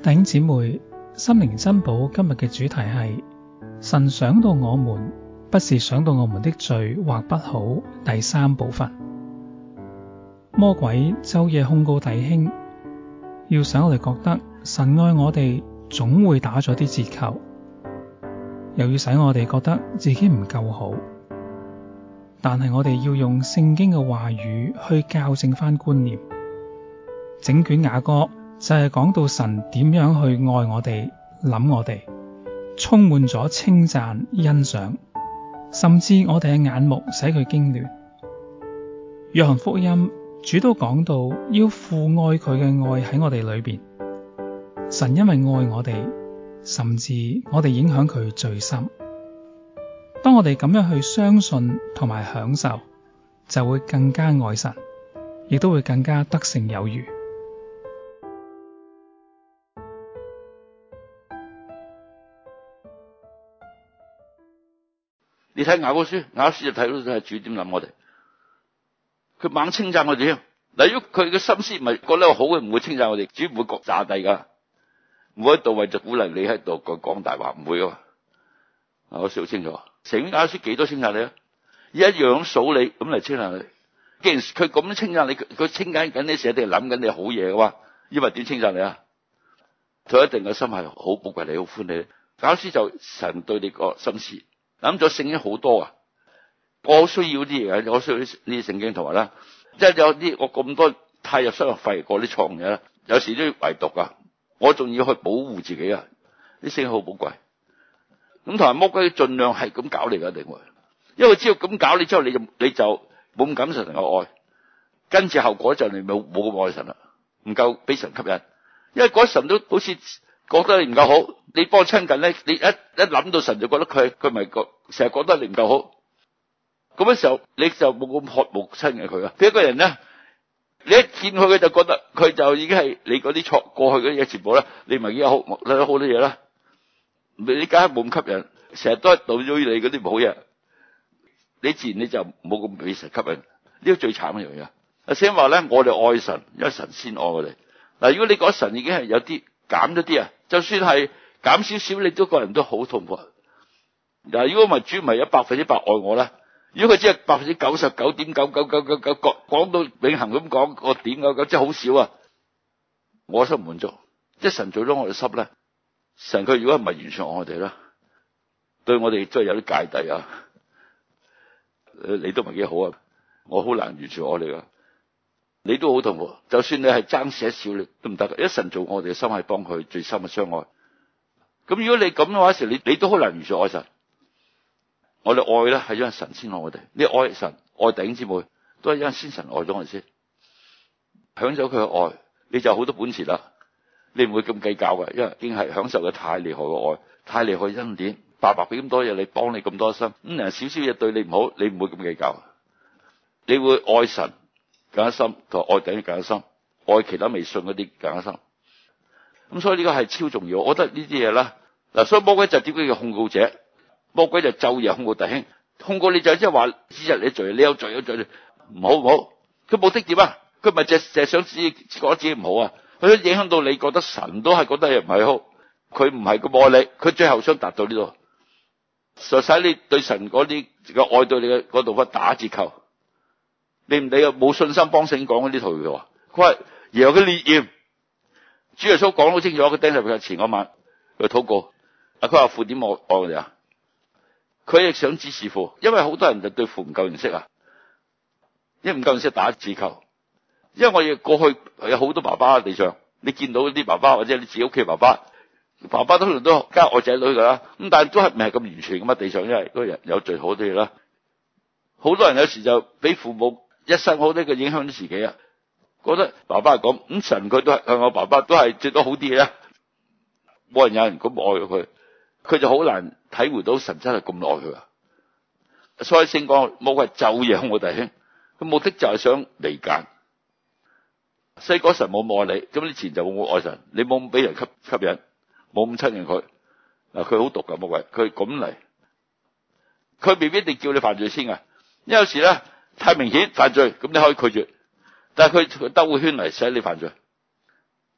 弟兄姊妹，心靈珍寶今日嘅主題係神想到我們，不是想到我們的罪或不好。第三部分，魔鬼晝夜控告弟兄，要使我哋覺得神愛我哋總會打咗啲折扣，又要使我哋覺得自己唔夠好。但係我哋要用聖經嘅話語去校正返觀念，整卷雅歌，就係、是、講到神點樣去愛我哋，諗我哋，充滿咗稱讚欣賞，甚至我哋嘅眼目使佢驚亂。約翰福音主都講到，要父愛佢嘅愛喺我哋裏邊。神因為愛我哋，甚至我哋影響佢最深。當我哋咁樣去相信同埋享受，就會更加愛神，亦都會更加得勝有餘。睇雅歌書，雅歌書就睇到係主點諗我哋。佢猛稱讚我哋，例如佢嘅心思唔係覺得我好嘅，唔會稱讚我哋，主唔會降炸地噶，唔會喺度為咗鼓勵你喺度講大話，唔會啊！我說好清楚，成篇雅歌書幾多稱讚你啊？一樣數你咁嚟稱讚你。既然佢咁稱讚你，佢佢稱讚緊你，寫定諗緊你好嘢嘅話，因為點稱讚你啊？佢一定嘅心係好寶貴，你好歡喜。雅歌書就神對你個心思。諗咗聖經好多啊，我好需要啲嘢，我需要呢啲聖經，同埋啦，即係有啲我咁多太入心入肺過啲創嘢啦，有時都要維讀啊，我仲要去保護自己啊，啲聖經好寶貴，咁同埋魔鬼盡量係咁搞你噶，另外，因為只要咁搞你之後，你就你就冇咁感受神嘅愛，跟住後果就你冇冇咁愛神啦，唔夠俾神吸引，因為嗰神都好似。覺得你唔夠好，你幫親近咧，你一一諗到神就覺得佢佢咪覺成日覺得你唔夠好，咁嘅時候你就冇咁渴慕親近佢啊。佢一個人咧，你一見佢佢就覺得佢就已經係你嗰啲錯過去嘅嘢，全部咧，你咪已經有好多嘢啦。你梗係冇咁吸引，成日都導咗你嗰啲唔好嘢，你自然你就冇咁俾神吸引。呢個最慘嘅樣嘢。阿聖話咧，我哋愛神，因為神先愛我哋。嗱，如果你講神已經係有啲減咗啲啊。就算係減少少，你都個人都好痛苦。嗱，如果唔係主唔係有百分之百愛我呢？如果佢只係百分之九十九點九九九九九講到永恆咁講個點嘅，咁真係好少啊！我心唔滿足，即係神最咗我哋濕呢。神佢如果唔係完全愛我哋啦，對我哋都係有啲芥蒂啊。你都唔係幾好啊，我好難完全愛我哋啊。你都好痛苦，就算你係爭少少，你都唔得噶。因為神做我哋嘅心係幫佢最深嘅傷害。咁如果你咁嘅話時，你你都好難如所愛神。我哋愛咧係因為神先愛我哋，你愛神愛弟兄姊妹都係因為先神愛咗我哋先，享受佢嘅愛，你就好多本錢啦。你唔會咁計較噶，因為已經係享受得太厲害嘅愛，太厲害嘅恩典，白白俾咁多嘢你，幫你咁多心，咁人少少嘢對你唔好，你唔會咁計較，你會愛神。感恩心，同話愛等於感恩心，愛其他微信嗰啲感恩心。咁所以呢個係超重要，我覺得呢啲嘢啦。嗱，所以魔鬼就點解、是、叫控告者？魔鬼就晝、是、夜控告弟兄，控告你就即係話，只、就是、日你罪，你有罪，有罪，唔好唔好。佢目的點啊？佢咪淨淨想自己覺得自己唔好啊？佢想影響到你覺得神都係覺得嘢唔係好，佢唔係咁愛你，佢最後想達到呢度，就使你對神嗰啲嘅愛到你嘅嗰度打折扣。你唔理啊，冇信心幫聖講嗰啲材料。佢話：，耶穌佢烈焰，主耶穌講得好清楚。佢釘十字架前嗰晚，佢禱告。啊，佢話父點愛我哋啊？佢亦想指示父，因為好多人就對父唔夠認識啊，一唔夠識打字球。因為我哋過去有好多爸爸喺地上，你見到啲爸爸或者你自己屋企爸爸，爸爸通常都加我仔女噶啦。咁但係都係唔係咁完全咁嘛，地上因為嗰人有最好啲嘢啦。好多人有時就俾父母。一生好多個影響到自己啊！覺得爸爸係咁，咁神佢都向我爸爸都係最多好啲嘅，冇人有人咁愛佢，佢就好難體會到神真係咁愛佢啊！所以先講魔鬼咒嘢，我弟兄，佢目的就係想離間。細個神冇咁愛你，咁你自然就會冇愛神，你冇咁俾人吸吸引，冇咁親近佢嗱，佢好毒噶，魔鬼佢咁嚟，佢未必一定叫你犯罪先啊！因為有時咧。太明顯犯罪，咁你可以拒絕。但係佢兜個圈嚟使你犯罪，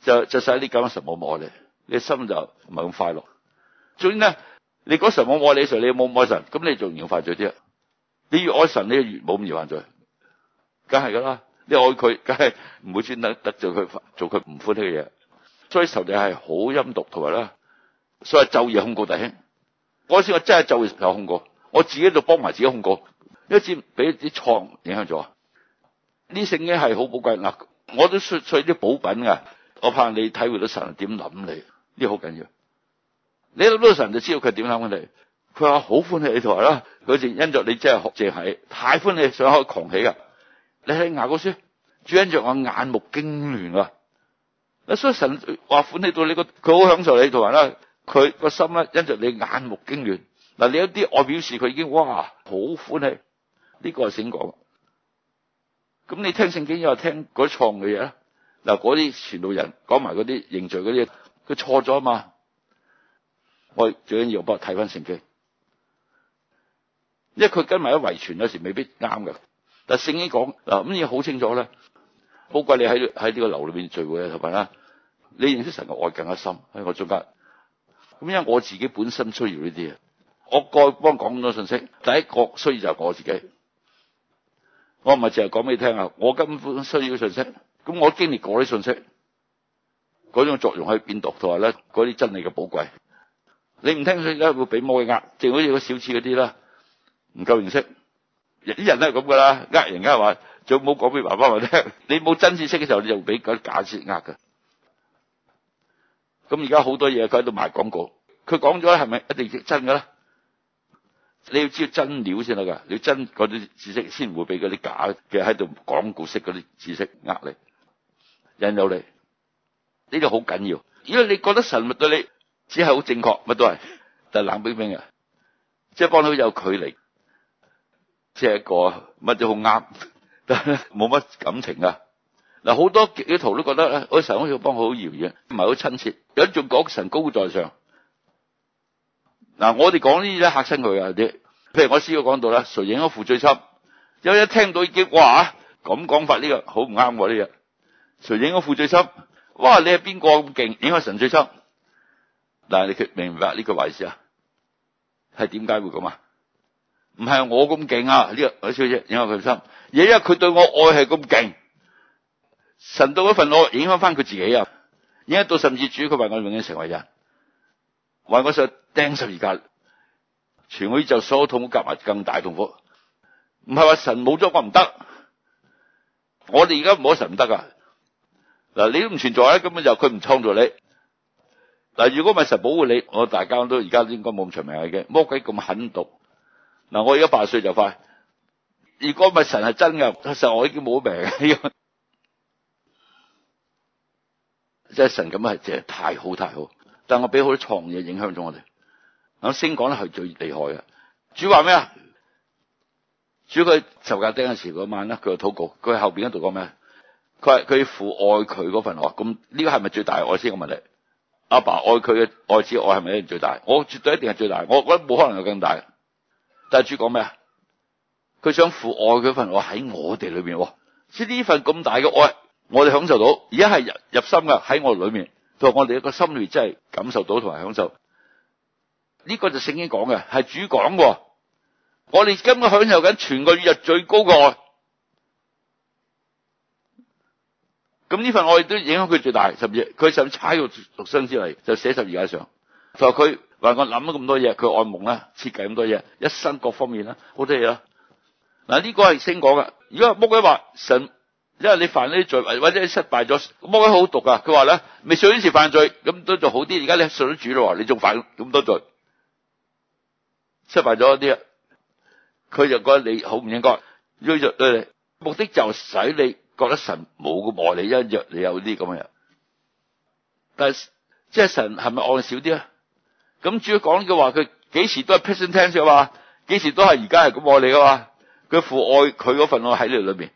就就使你咁嘅神冇愛你，你心就唔係咁快樂。總之咧，你嗰時冇愛你嘅時候，你冇愛神，咁你仲要犯罪啲。你越愛神，你越冇咁易犯罪，梗係噶啦。你愛佢，梗係唔會專登得罪佢，做佢唔歡喜嘅嘢。所以仇敵係好陰毒，同埋啦。所謂晝夜控告弟兄。嗰時我真係晝夜有控告，我自己喺度幫埋自己控告。一次俾啲創影響咗，呢聖經係好寶貴嗱，我都說做啲補品噶，我怕你體會到神點諗你，呢好緊要。你諗到神就知道佢點諗緊你。佢話好歡喜你同埋啦，佢就因着你真係學淨係太歡喜，想開狂喜噶。你喺雅歌書，主因着我眼目驚亂啊！所以神話歡喜到你個，佢好享受你同埋啦。佢個心咧，因着你眼目驚亂嗱，你一啲外表事佢已經哇好歡喜。呢個係先講，咁你聽聖經又聽嗰創嘅嘢啦，嗱嗰啲傳道人講埋嗰啲認罪嗰啲，佢錯咗啊嘛，我最緊要我睇翻聖經，因為佢跟埋啲遺傳有時未必啱嘅，但聖經講嗱咁嘢好清楚咧，好貴你喺喺呢個樓裏邊聚會啊同埋啦，你認識神嘅愛更加深，喺我中間，咁因為我自己本身需要呢啲嘢，我再幫講咁多信息，第一個需要就係我自己。我唔係淨係講俾你聽啊！我根本需要嘅信息，咁我經歷過啲信息，嗰種作用可以變？同埋咧，嗰啲真理嘅寶貴，你唔聽佢咧，會俾魔嘅壓，就好似小刺嗰啲啦，唔夠認識，啲人都係咁噶啦，呃人噶嘛，仲冇講俾爸爸話聽。你冇真知識嘅時候，你就俾嗰啲假知識呃噶。咁而家好多嘢佢喺度賣廣告，佢講咗係咪一定真噶咧？你要知道真料先得噶，你真嗰啲知識，先唔會俾嗰啲假嘅喺度講故式嗰啲知識呃你、引誘你。呢啲好緊要，因為你覺得神物對你只係好正確，乜都係，但係冷冰冰嘅，即係幫到有距離，即係一個乜都好啱，但係冇乜感情㗎。嗱，好多基督徒都覺得，我神好似幫好遙遠，唔係好親切，有啲仲講神高在上。嗱，我哋講呢啲嚇親佢啊啲。譬如我師傅講到啦，誰影咗負罪心？有人聽到已經話咁講法呢個好唔啱喎呢個。誰、啊這個、影咗負罪心？哇！你係邊個咁勁影咗神罪心？但係你卻明白呢個意思啊？係點解會咁啊？唔係我咁勁啊！呢、這個我小姐影咗佢心，而係因為佢對我愛係咁勁，神到一份愛影響翻佢自己啊！影到甚至主佢為我永遠成為人，為我受釘十字架。全會就疏痛夾埋更大痛苦，唔係話神冇咗我唔得，我哋而家唔冇神唔得噶。嗱你都唔存在咧，根本就佢唔創造你。嗱如果唔係神保護你，我大家都而家應該冇咁長命嘅。魔鬼咁狠毒，嗱我而家八十歲就快。如果唔係神係真嘅，其實我已經冇命。即係神咁係真係太好太好，但我俾好多創嘢影響咗我哋。咁先講咧係最厲害嘅。主話咩啊？主佢受架釘嘅時嗰晚咧，佢禱告，佢喺後邊一度講咩？佢係佢父愛佢嗰份愛。咁呢個係咪最大愛先？我問你，阿爸，爸愛佢嘅愛子愛係咪一定最大？我絕對一定係最大，我覺得冇可能有更大。但係主講咩啊？佢想父愛佢嗰份愛喺我哋裏邊，哦，即呢份咁大嘅愛，我哋享受到，而家係入入心嘅喺我裡面，佢話我哋一個心裡真係感受到同埋享受。呢、這個就聖經講嘅係主講喎。我哋今日享受緊全個宇宙最高的愛，咁呢份愛都影響佢最大，甚至佢想踩猜個獨生之愛就寫十二解上。就佢話我諗咗咁多嘢，佢愛夢啦，設計咁多嘢，一生各方面啦，好多嘢啦。嗱、這、呢個係聖經講嘅。如果魔鬼話神，因為你犯呢啲罪或者你失敗咗，魔鬼好毒噶、啊。佢話咧未信主時，犯罪，咁都仲好啲。而家你信咗主喇，你仲犯咁多罪。失敗咗啲，佢就覺得你好唔應該。約咗你，目的就使你覺得神冇咁愛你，因約你有啲咁嘅嘢。但係即係神係咪愛少啲啊？咁主要講呢句話，佢幾時都係 present tense 話，幾時都係而家係咁愛你啊嘛。佢父愛佢嗰份愛喺你裏面，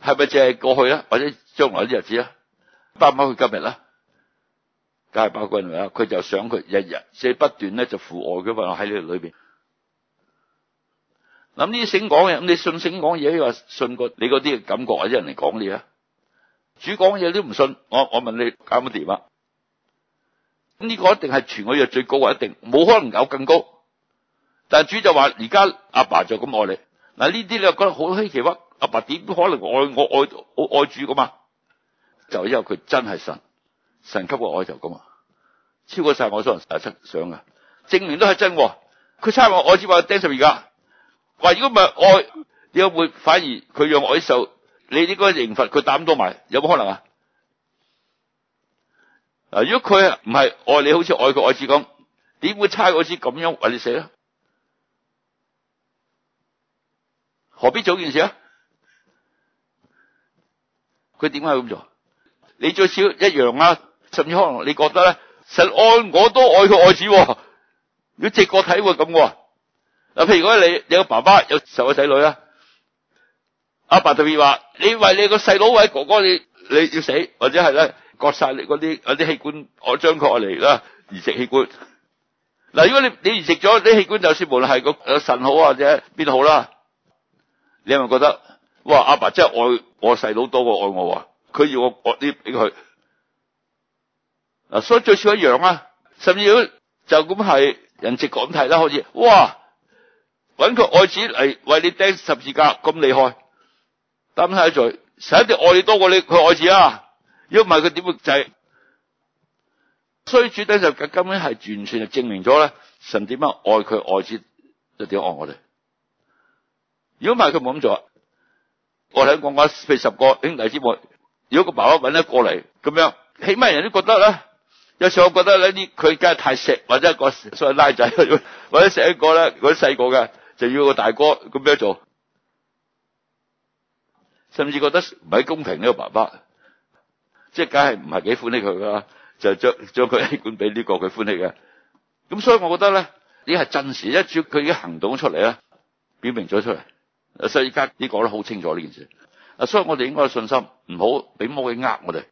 係咪淨係過去啊？或者將來啲日子啊？包唔包佢今日啦？梗係包佢啦，佢就想佢日日即不斷咧就父愛佢喎，喺你度裏邊諗呢啲醒講嘢，咁你信醒講嘢，過你話信過你嗰啲感覺或者人嚟講你啊，主講嘢都唔信，我我問你啱唔啱掂啊？咁呢個一定係全嗰樣最高啊，一定冇可能有更高。但係主就話：而家阿爸就咁愛你嗱，這些呢啲你又覺得好稀奇喎？阿爸點可能愛我，我愛我愛主噶嘛？就因為佢真係神。神級個愛就咁啊，超過晒我所能想想啊，證明都係真。佢猜我，我知話釘十字架。話如果唔係愛，點解會反而佢讓我啲受？你應該刑罰佢打咁多埋，有冇可能啊？嗱，如果佢唔係愛你，好似愛個愛子咁，點會猜我知咁樣為你死咧？何必做呢件事啊？佢點解會咁做？你最少一樣啦。甚至可能你覺得咧，神愛我都愛佢愛子，要覺體會如果直覺睇喎咁喎。譬如講你你個爸爸有十個仔女啦，阿爸,爸特別話你為你個細佬為哥哥你，你你要死或者係咧割晒你嗰啲啲器官我將佢嚟啦，移植器官。嗱，如果你你移植咗啲器官，就算無論係個個腎好或者邊度好啦，你係咪覺得哇？阿爸,爸真係愛我細佬多過愛我，佢要我割啲俾佢。所以最少一樣啊，甚至就咁係人直覺咁睇啦，好似哇，揾佢愛子嚟為你釘十字架咁厲害，擔晒罪，神一定愛你多過你佢愛子啊！如果唔係佢點會制？所以主呢就根本係完全就證明咗咧，神點樣愛佢愛子，就點愛我哋。如果唔係佢冇咁做，我睇講話四十個兄弟姊妹，如果個爸爸揾得過嚟咁樣，起碼人都覺得咧。有時我覺得咧，呢佢梗係太錫，或者一個想拉仔，或者錫一個咧，嗰啲細個嘅就要個大哥咁樣做，甚至覺得唔係公平呢個爸爸，即係梗係唔係幾歡喜佢啦，就將將佢管俾呢個佢歡喜嘅。咁所以我覺得咧，呢係陣時，一照佢已經行動出嚟，啦表明咗出嚟。啊，所以而家呢個都好清楚呢件事。啊，所以我哋應該有信心，唔好俾魔鬼呃我哋。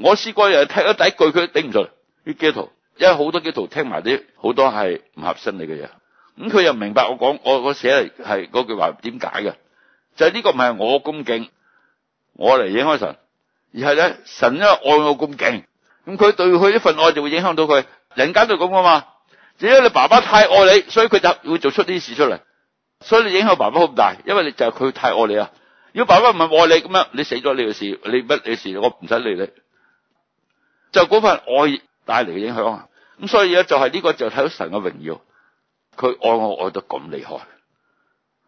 我試過又聽咗第一句，佢頂唔順啲基督徒，因為好多基督徒聽埋啲好多係唔合身嚟嘅嘢，咁佢又明白我講我我寫嚟係嗰句話點解嘅，就係呢個唔係我咁勁，我嚟影響神，而係咧神因為愛我咁勁，咁佢對佢呢份愛就會影響到佢人間都咁啊嘛，只因你爸爸太愛你，所以佢就會做出啲事出嚟，所以你影響爸爸好大，因為就係佢太愛你啊。如果爸爸唔係愛你咁樣，你死咗你嘅事，你乜嘢事我唔使理你。就嗰份愛帶嚟嘅影響啊，咁所以咧就係呢個就睇到神嘅榮耀，佢愛我愛到咁厲害，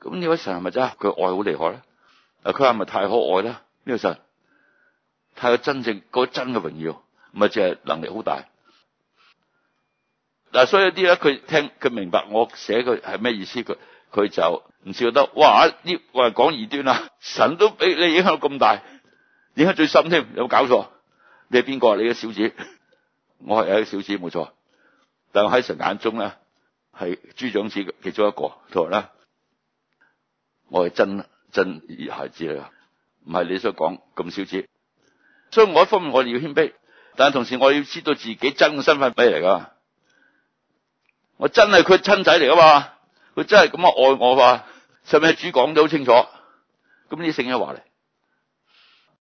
咁呢位神係咪真係？佢愛好厲害咧，佢係咪太可愛咧？呢個神太有真正嗰真嘅榮耀，咪即係能力好大。嗱，所以有啲咧佢聽佢明白我寫佢係咩意思，佢佢就唔笑得，哇！呢我係講異端啊，神都俾你影響咁大，影響最深添，有冇搞錯？你係邊個？你嘅小子，我係一個小子，冇錯。但我喺神眼中咧，係諸長子嘅其中一個，同埋咧，我係真真孩子嚟噶，唔係你想講咁小子。所以，我一方面我哋要謙卑，但同時我要知道自己真嘅身份咩嚟噶。我真係佢親仔嚟噶嘛？佢真係咁樣愛我嘛？上面主講得好清楚。咁啲聖言話嚟。